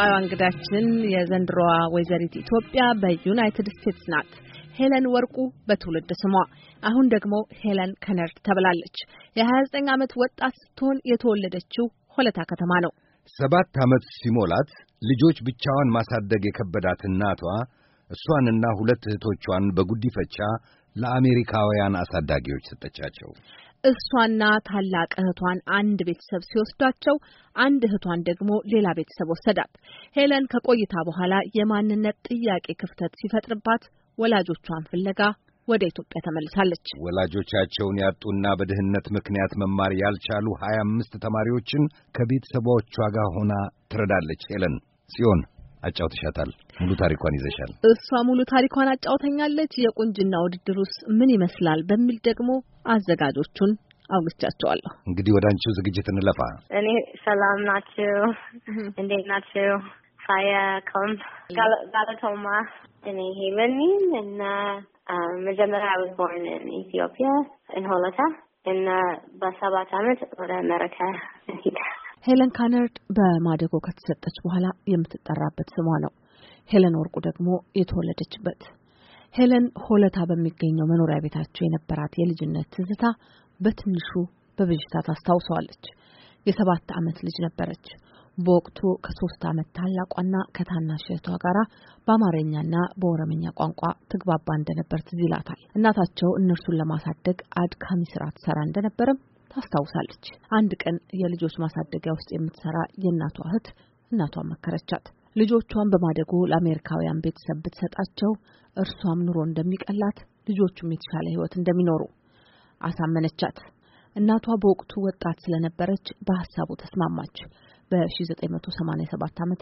ቀጣዩ እንግዳችን የዘንድሮዋ ወይዘሪት ኢትዮጵያ በዩናይትድ ስቴትስ ናት። ሄለን ወርቁ በትውልድ ስሟ፣ አሁን ደግሞ ሄለን ከነር ተብላለች። የ29 ዓመት ወጣት ስትሆን የተወለደችው ሆለታ ከተማ ነው። ሰባት ዓመት ሲሞላት ልጆች ብቻዋን ማሳደግ የከበዳት እናቷ እሷንና ሁለት እህቶቿን በጉዲፈቻ ለአሜሪካውያን አሳዳጊዎች ሰጠቻቸው። እሷና ታላቅ እህቷን አንድ ቤተሰብ ሲወስዷቸው አንድ እህቷን ደግሞ ሌላ ቤተሰብ ወሰዳት። ሄለን ከቆይታ በኋላ የማንነት ጥያቄ ክፍተት ሲፈጥርባት ወላጆቿን ፍለጋ ወደ ኢትዮጵያ ተመልሳለች። ወላጆቻቸውን ያጡና በድህነት ምክንያት መማር ያልቻሉ ሀያ አምስት ተማሪዎችን ከቤተሰቦቿ ጋር ሆና ትረዳለች። ሄለን ጽዮን አጫውትሻታል። ሙሉ ታሪኳን ይዘሻል። እሷ ሙሉ ታሪኳን አጫውተኛለች። የቁንጅና ውድድሩስ ምን ይመስላል በሚል ደግሞ አዘጋጆቹን አውግቻቸዋለሁ። እንግዲህ ወደ አንቺው ዝግጅት እንለፋ። እኔ ሰላም ናችሁ? እንዴት ናችሁ? ሳያከም ጋለቶማ እኔ ሄለን እና መጀመሪያ was ቦርን in Ethiopia in Holota እና በሰባት አመት ወደ አሜሪካ ሄደ ሄለን ካነርድ በማደጎ ከተሰጠች በኋላ የምትጠራበት ስሟ ነው። ሄለን ወርቁ ደግሞ የተወለደችበት። ሄለን ሆለታ በሚገኘው መኖሪያ ቤታቸው የነበራት የልጅነት ትዝታ በትንሹ በብዥታ ታስታውሰዋለች። የሰባት ዓመት ልጅ ነበረች። በወቅቱ ከሶስት ዓመት ታላቋና ከታናሽ እህቷ ጋር በአማርኛና በኦሮምኛ ቋንቋ ትግባባ እንደነበር ትዝ ይላታል። እናታቸው እነርሱን ለማሳደግ አድካሚ ስራ ትሰራ እንደነበረም ታስታውሳለች። አንድ ቀን የልጆች ማሳደጊያ ውስጥ የምትሰራ የእናቷ እህት እናቷን መከረቻት። ልጆቿን በማደጎ ለአሜሪካውያን ቤተሰብ ብትሰጣቸው እርሷም ኑሮ እንደሚቀላት ልጆቹም የተሻለ ህይወት እንደሚኖሩ አሳመነቻት። እናቷ በወቅቱ ወጣት ስለነበረች በሀሳቡ ተስማማች። በ1987 ዓ ም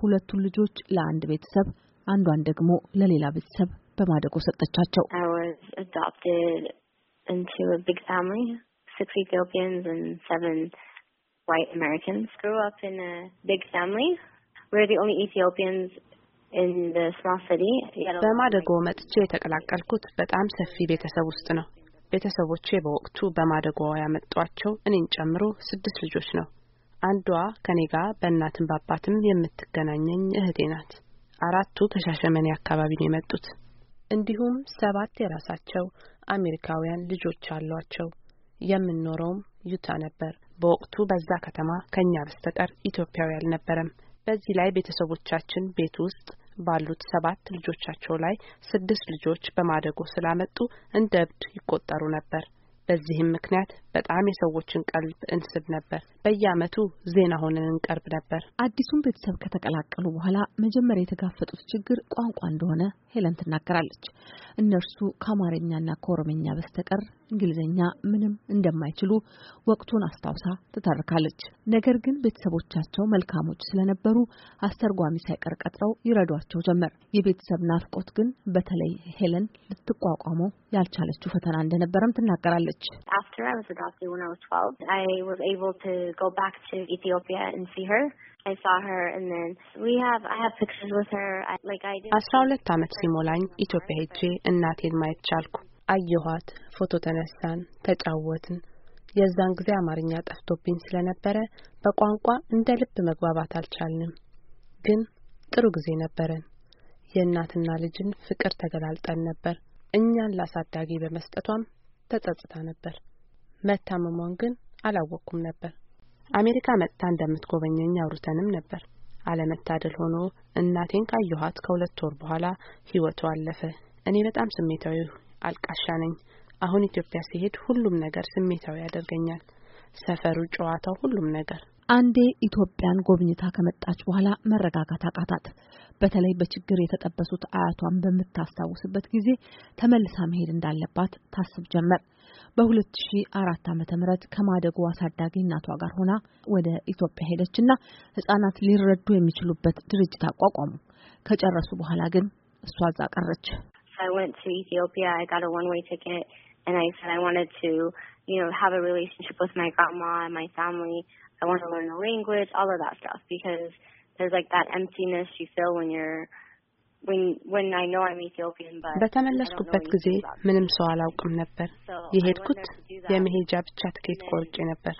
ሁለቱን ልጆች ለአንድ ቤተሰብ አንዷን ደግሞ ለሌላ ቤተሰብ በማደጎ ሰጠቻቸው። six Ethiopians and seven white Americans. Grew up in a big family. We're the only Ethiopians in the small city. በማደጎ መጥቼ የተቀላቀልኩት በጣም ሰፊ ቤተሰብ ውስጥ ነው። ቤተሰቦቼ በወቅቱ በማደጎ ያመጧቸው እኔን ጨምሮ ስድስት ልጆች ነው። አንዷ ከኔ ጋር በእናትም በአባትም የምትገናኘኝ እህቴ ናት። አራቱ ከሻሸመኔ አካባቢ ነው የመጡት። እንዲሁም ሰባት የራሳቸው አሜሪካውያን ልጆች አሏቸው። የምንኖረውም ዩታ ነበር። በወቅቱ በዛ ከተማ ከኛ በስተቀር ኢትዮጵያዊ አልነበረም። በዚህ ላይ ቤተሰቦቻችን ቤት ውስጥ ባሉት ሰባት ልጆቻቸው ላይ ስድስት ልጆች በማደጎ ስላመጡ እንደ እብድ ይቆጠሩ ነበር። በዚህም ምክንያት በጣም የሰዎችን ቀልብ እንስብ ነበር። በየዓመቱ ዜና ሆነን እንቀርብ ነበር። አዲሱን ቤተሰብ ከተቀላቀሉ በኋላ መጀመሪያ የተጋፈጡት ችግር ቋንቋ እንደሆነ ሄለን ትናገራለች። እነርሱ ከአማርኛና ከኦሮምኛ በስተቀር እንግሊዝኛ ምንም እንደማይችሉ ወቅቱን አስታውሳ ትተርካለች። ነገር ግን ቤተሰቦቻቸው መልካሞች ስለነበሩ አስተርጓሚ ሳይቀር ቀጥረው ይረዷቸው ጀመር። የቤተሰብ ናፍቆት ግን በተለይ ሄለን ልትቋቋመው ያልቻለችው ፈተና እንደነበረም ትናገራለች። አስራ ሁለት ዓመት ሲሞላኝ ኢትዮጵያ ሄጄ እናቴን ማየት ቻልኩ። አየኋት፣ ፎቶ ተነሳን፣ ተጫወትን። የዛን ጊዜ አማርኛ ጠፍቶብኝ ስለነበረ በቋንቋ እንደ ልብ መግባባት አልቻልንም። ግን ጥሩ ጊዜ ነበረን። የእናትና ልጅን ፍቅር ተገላልጠን ነበር። እኛን ላሳዳጊ በመስጠቷም ተጸጽታ ነበር። መታመሟን ግን አላወቅኩም ነበር። አሜሪካ መጥታ እንደምትጎበኘኝ አውርተንም ነበር። አለመታደል ሆኖ እናቴን ካየኋት ከሁለት ወር በኋላ ሕይወቷ አለፈ። እኔ በጣም ስሜታዊ አልቃሻ ነኝ። አሁን ኢትዮጵያ ሲሄድ ሁሉም ነገር ስሜታዊ ያደርገኛል። ሰፈሩ፣ ጨዋታው፣ ሁሉም ነገር። አንዴ ኢትዮጵያን ጎብኝታ ከመጣች በኋላ መረጋጋት አቃታት። በተለይ በችግር የተጠበሱት አያቷን በምታስታውስበት ጊዜ ተመልሳ መሄድ እንዳለባት ታስብ ጀመር። በ2004 ዓ.ም ከማደጎ አሳዳጊ እናቷ ጋር ሆና ወደ ኢትዮጵያ ሄደችና ህጻናት ሊረዱ የሚችሉበት ድርጅት አቋቋሙ። ከጨረሱ በኋላ ግን እሷ እዛ ቀረች። I went to Ethiopia. I got a one-way ticket, and I said I wanted to, you know, have a relationship with my grandma and my family. I want to learn the language, all of that stuff, because there's like that emptiness you feel when you're በተመለስኩበት ጊዜ ምንም ሰው አላውቅም ነበር። የሄድኩት የመሄጃ ብቻ ትኬት ቆርጬ ነበር።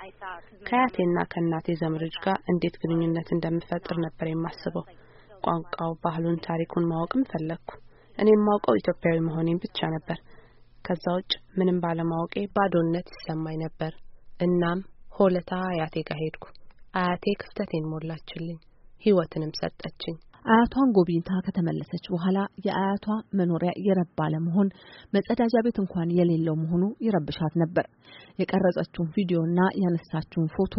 ከአያቴና ከእናቴ ዘመዶች ጋር እንዴት ግንኙነት እንደምፈጥር ነበር የማስበው። ቋንቋው፣ ባህሉን፣ ታሪኩን ማወቅም ፈለግኩ። እኔ የማውቀው ኢትዮጵያዊ መሆኔን ብቻ ነበር። ከዛ ውጭ ምንም ባለማወቄ ባዶነት ይሰማኝ ነበር። እናም ሆለታ አያቴ ጋር ሄድኩ። አያቴ ክፍተቴን ሞላችልኝ፣ ህይወትንም ሰጠችኝ። አያቷን ጎብኝታ ከተመለሰች በኋላ የአያቷ መኖሪያ የረባ ለመሆን መጸዳጃ ቤት እንኳን የሌለው መሆኑ ይረብሻት ነበር። የቀረጸችውን ቪዲዮና ያነሳችውን ፎቶ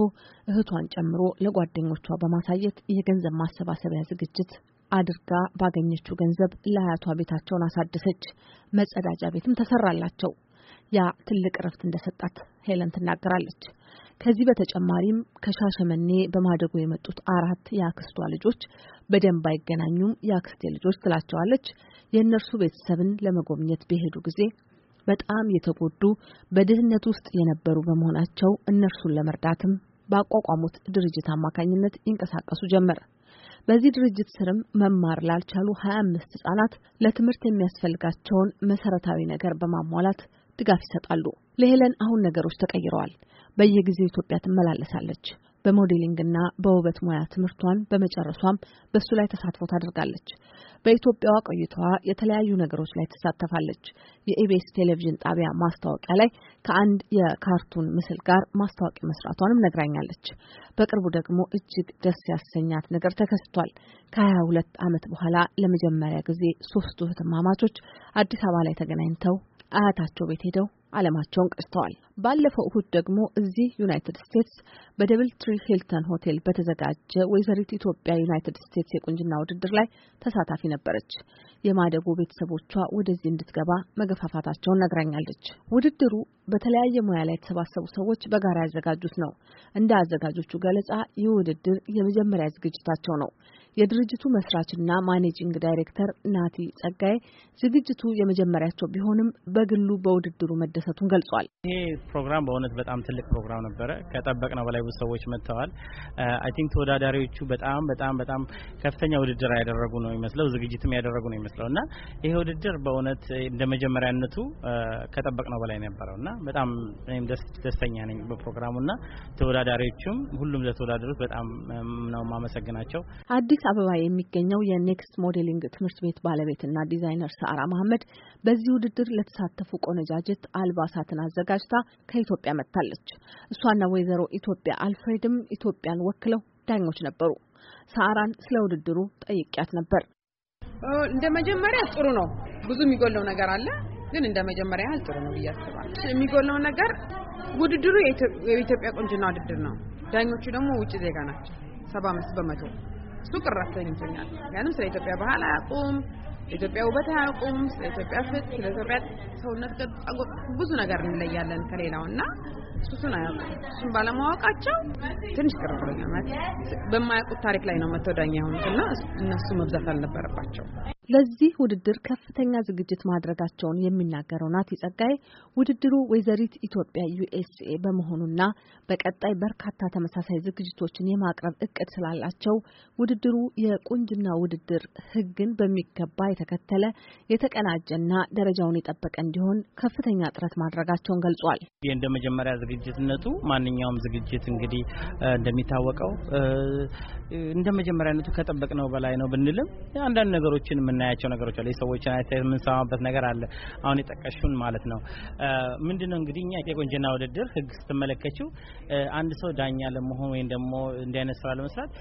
እህቷን ጨምሮ ለጓደኞቿ በማሳየት የገንዘብ ማሰባሰቢያ ዝግጅት አድርጋ ባገኘችው ገንዘብ ለአያቷ ቤታቸውን አሳደሰች። መጸዳጃ ቤትም ተሰራላቸው። ያ ትልቅ እረፍት እንደሰጣት ሄለን ትናገራለች። ከዚህ በተጨማሪም ከሻሸመኔ በማደጎ የመጡት አራት የአክስቷ ልጆች በደንብ አይገናኙም፣ የአክስቴ ልጆች ትላቸዋለች። የእነርሱ ቤተሰብን ለመጎብኘት በሄዱ ጊዜ በጣም የተጎዱ በድህነት ውስጥ የነበሩ በመሆናቸው እነርሱን ለመርዳትም ባቋቋሙት ድርጅት አማካኝነት ይንቀሳቀሱ ጀመር። በዚህ ድርጅት ስርም መማር ላልቻሉ 25 ህጻናት ለትምህርት የሚያስፈልጋቸውን መሰረታዊ ነገር በማሟላት ድጋፍ ይሰጣሉ። ለሄለን አሁን ነገሮች ተቀይረዋል። በየጊዜው ኢትዮጵያ ትመላለሳለች። በሞዴሊንግና በውበት ሙያ ትምህርቷን በመጨረሷም በእሱ ላይ ተሳትፎ ታደርጋለች። በኢትዮጵያዋ ቆይታዋ የተለያዩ ነገሮች ላይ ትሳተፋለች። የኢቢኤስ ቴሌቪዥን ጣቢያ ማስታወቂያ ላይ ከአንድ የካርቱን ምስል ጋር ማስታወቂያ መስራቷንም ነግራኛለች። በቅርቡ ደግሞ እጅግ ደስ ያሰኛት ነገር ተከስቷል። ከሀያ ሁለት ዓመት በኋላ ለመጀመሪያ ጊዜ ሶስቱ እህትማማቾች አዲስ አበባ ላይ ተገናኝተው አያታቸው ቤት ሄደው ዓለማቸውን ቀጭተዋል። ባለፈው እሁድ ደግሞ እዚህ ዩናይትድ ስቴትስ በደብል ትሪ ሂልተን ሆቴል በተዘጋጀ ወይዘሪት ኢትዮጵያ ዩናይትድ ስቴትስ የቁንጅና ውድድር ላይ ተሳታፊ ነበረች። የማደጎ ቤተሰቦቿ ወደዚህ እንድትገባ መገፋፋታቸውን ነግራኛለች። ውድድሩ በተለያየ ሙያ ላይ የተሰባሰቡ ሰዎች በጋራ ያዘጋጁት ነው። እንደ አዘጋጆቹ ገለጻ ይህ ውድድር የመጀመሪያ ዝግጅታቸው ነው። የድርጅቱ መስራችና ማኔጂንግ ዳይሬክተር ናቲ ጸጋዬ ዝግጅቱ የመጀመሪያቸው ቢሆንም በግሉ በውድድሩ መደሰቱን ገልጿል። ፕሮግራም በእውነት በጣም ትልቅ ፕሮግራም ነበረ። ከጠበቅነው በላይ ብዙ ሰዎች መጥተዋል። አይ ቲንክ ተወዳዳሪዎቹ በጣም በጣም በጣም ከፍተኛ ውድድር ያደረጉ ነው የሚመስለው፣ ዝግጅትም ያደረጉ ነው የሚመስለው እና ይሄ ውድድር በእውነት እንደ መጀመሪያነቱ ከጠበቅነው በላይ ነበረው እና በጣም እኔም ደስተኛ ነኝ በፕሮግራሙ እና ተወዳዳሪዎቹም ሁሉም ለተወዳደሩት በጣም ነው የማመሰግናቸው። አዲስ አበባ የሚገኘው የኔክስት ሞዴሊንግ ትምህርት ቤት ባለቤትና ዲዛይነር ሰአራ መሀመድ በዚህ ውድድር ለተሳተፉ ቆነጃጅት አልባሳትን አዘጋጅታ ከኢትዮጵያ መጥታለች። እሷና ወይዘሮ ኢትዮጵያ አልፍሬድም ኢትዮጵያን ወክለው ዳኞች ነበሩ። ሳራን ስለ ውድድሩ ጠይቂያት ነበር። እንደ መጀመሪያ ጥሩ ነው። ብዙ የሚጎለው ነገር አለ፣ ግን እንደ መጀመሪያ ያህል ጥሩ ነው ብዬ አስባለሁ። የሚጎለው ነገር ውድድሩ የኢትዮጵያ ቁንጅና ውድድር ነው። ዳኞቹ ደግሞ ውጭ ዜጋ ናቸው፣ ሰባ አምስት በመቶ እሱ ቅር አሰኝቶኛል። ያንም ስለ ኢትዮጵያ ባህል አያውቁም፣ የኢትዮጵያ ውበት አያውቁም። ስለ ኢትዮጵያ ፊት፣ ስለ ኢትዮጵያ ሰውነት ብዙ ነገር እንለያለን ከሌላው እና እሱን አያውቁም። እሱን ባለማወቃቸው ትንሽ ቅር ብሎኛል። ማለት በማያውቁት ታሪክ ላይ ነው መተው ዳኛ የሆኑት እና እነሱ መብዛት አልነበረባቸው ለዚህ ውድድር ከፍተኛ ዝግጅት ማድረጋቸውን የሚናገረው ናቲ ጸጋይ ውድድሩ ወይዘሪት ኢትዮጵያ ዩኤስኤ በመሆኑና በቀጣይ በርካታ ተመሳሳይ ዝግጅቶችን የማቅረብ እቅድ ስላላቸው ውድድሩ የቁንጅና ውድድር ሕግን በሚገባ የተከተለ የተቀናጀና ደረጃውን የጠበቀ እንዲሆን ከፍተኛ ጥረት ማድረጋቸውን ገልጿል። እንደ መጀመሪያ ዝግጅትነቱ ማንኛውም ዝግጅት እንግዲህ እንደሚታወቀው እንደ መጀመሪያነቱ ከጠበቅነው በላይ ነው ብንልም አንዳንድ ነገሮችን የምናያቸው ነገሮች አሉ። የሰዎችን አስተያየት የምንሰማበት ነገር አለ። አሁን የጠቀሹን ማለት ነው። ምንድነው እንግዲህ እኛ የቁንጅና ውድድር ህግ ስትመለከችው አንድ ሰው ዳኛ ለመሆን ወይም ደግሞ እንዲህ አይነት ስራ ለመስራት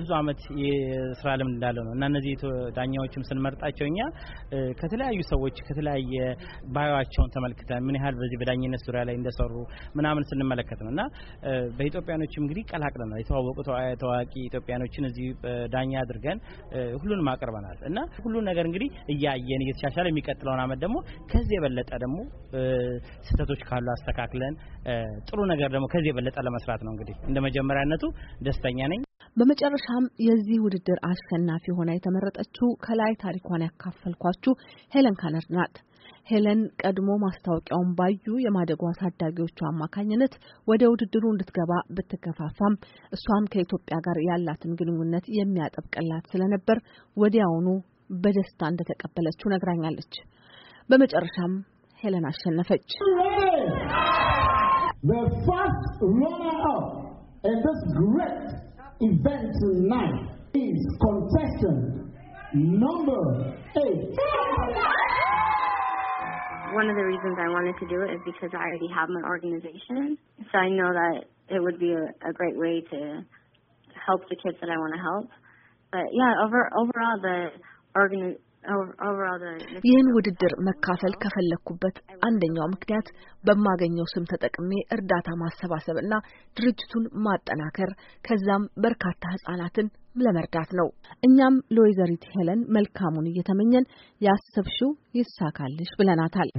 ብዙ አመት የስራ ልምድ እንዳለው ነው እና እነዚህ ዳኛዎችም ስንመርጣቸው እኛ ከተለያዩ ሰዎች ከተለያየ ባዮቸውን ተመልክተን ምን ያህል በዚህ በዳኝነት ዙሪያ ላይ እንደሰሩ ምናምን ስንመለከት ነው እና በኢትዮጵያኖችም እንግዲህ ነው የተዋወቁ ታዋቂ ኢትዮጵያኖችን እዚህ ዳኛ አድርገን ሁሉንም አቅርበናል እና ሁሉ ሁሉን ነገር እንግዲህ እያየን እየተሻሻለ የሚቀጥለውን አመት ደግሞ ከዚህ የበለጠ ደግሞ ስህተቶች ካሉ አስተካክለን ጥሩ ነገር ደግሞ ከዚህ የበለጠ ለመስራት ነው። እንግዲህ እንደ መጀመሪያነቱ ደስተኛ ነኝ። በመጨረሻም የዚህ ውድድር አሸናፊ ሆና የተመረጠችው ከላይ ታሪኳን ያካፈልኳችሁ ሄለን ካነር ናት። ሄለን ቀድሞ ማስታወቂያውን ባዩ የማደጎ አሳዳጊዎቹ አማካኝነት ወደ ውድድሩ እንድትገባ ብትከፋፋም እሷም ከኢትዮጵያ ጋር ያላትን ግንኙነት የሚያጠብቅላት ስለነበር ወዲያውኑ The first runner up this great event tonight is contestant number eight. One of the reasons I wanted to do it is because I already have my organization. So I know that it would be a, a great way to help the kids that I want to help. But yeah, over overall the ይህን ውድድር መካፈል ከፈለግኩበት አንደኛው ምክንያት በማገኘው ስም ተጠቅሜ እርዳታ ማሰባሰብ እና ድርጅቱን ማጠናከር ከዛም በርካታ ህጻናትን ለመርዳት ነው። እኛም ሎይዘሪት ሄለን መልካሙን እየተመኘን ያሰብሽው ይሳካልሽ ብለናታል።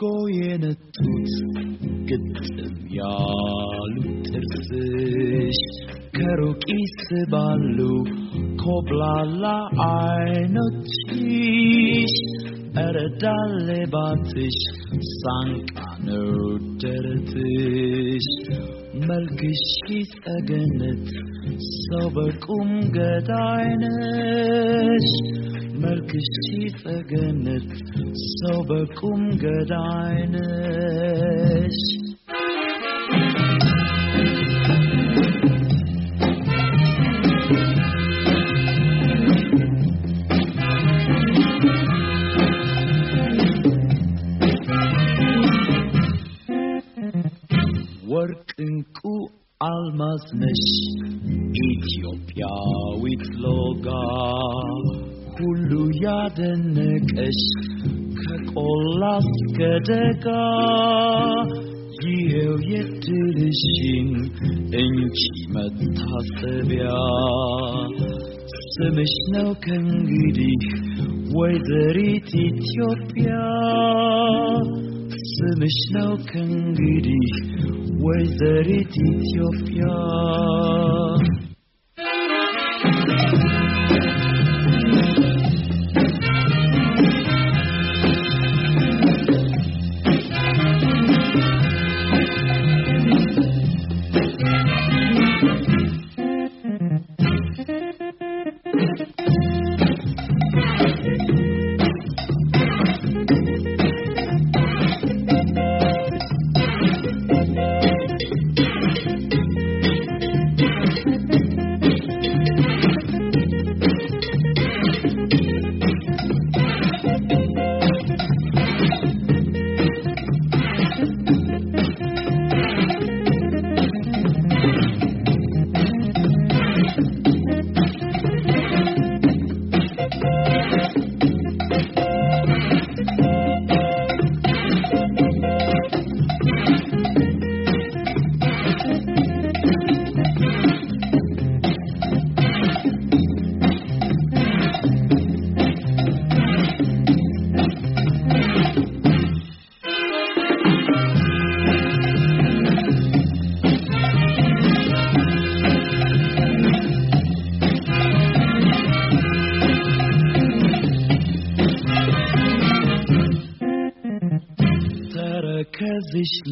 goyen tut gitten ja luter sich karukis ballu kobla la einotisch er dalle batisch sank anu dertisch melkisch is agenet sober kum Melkis Tiefe genitt, so Working ku almas nish, Ethiopia with logar. ሁሉ ያደነቀሽ ከቆላ እስከ ደጋ ይኸው የድልሽን እንጂ መታሰቢያ ስምሽ ነው ከእንግዲህ ወይዘሪት ኢትዮጵያ ስምሽ ነው ከእንግዲህ ወይዘሪት ኢትዮጵያ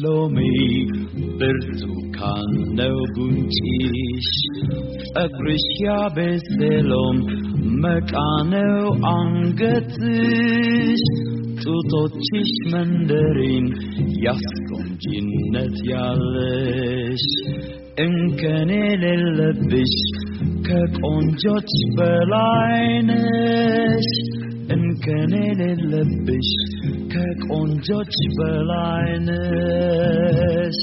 ሎሚ ብርቱካን ነው ጉንጭሽ፣ ጸጉርሽ ያበሰሎም መቃ ነው አንገትሽ፣ ጡቶችሽ መንደሪን ያስቆንጂነት ያለሽ እንከን ሌለብሽ ከቆንጆች በላይ ከኔን የለብሽ ከቆንጆች በላይነሽ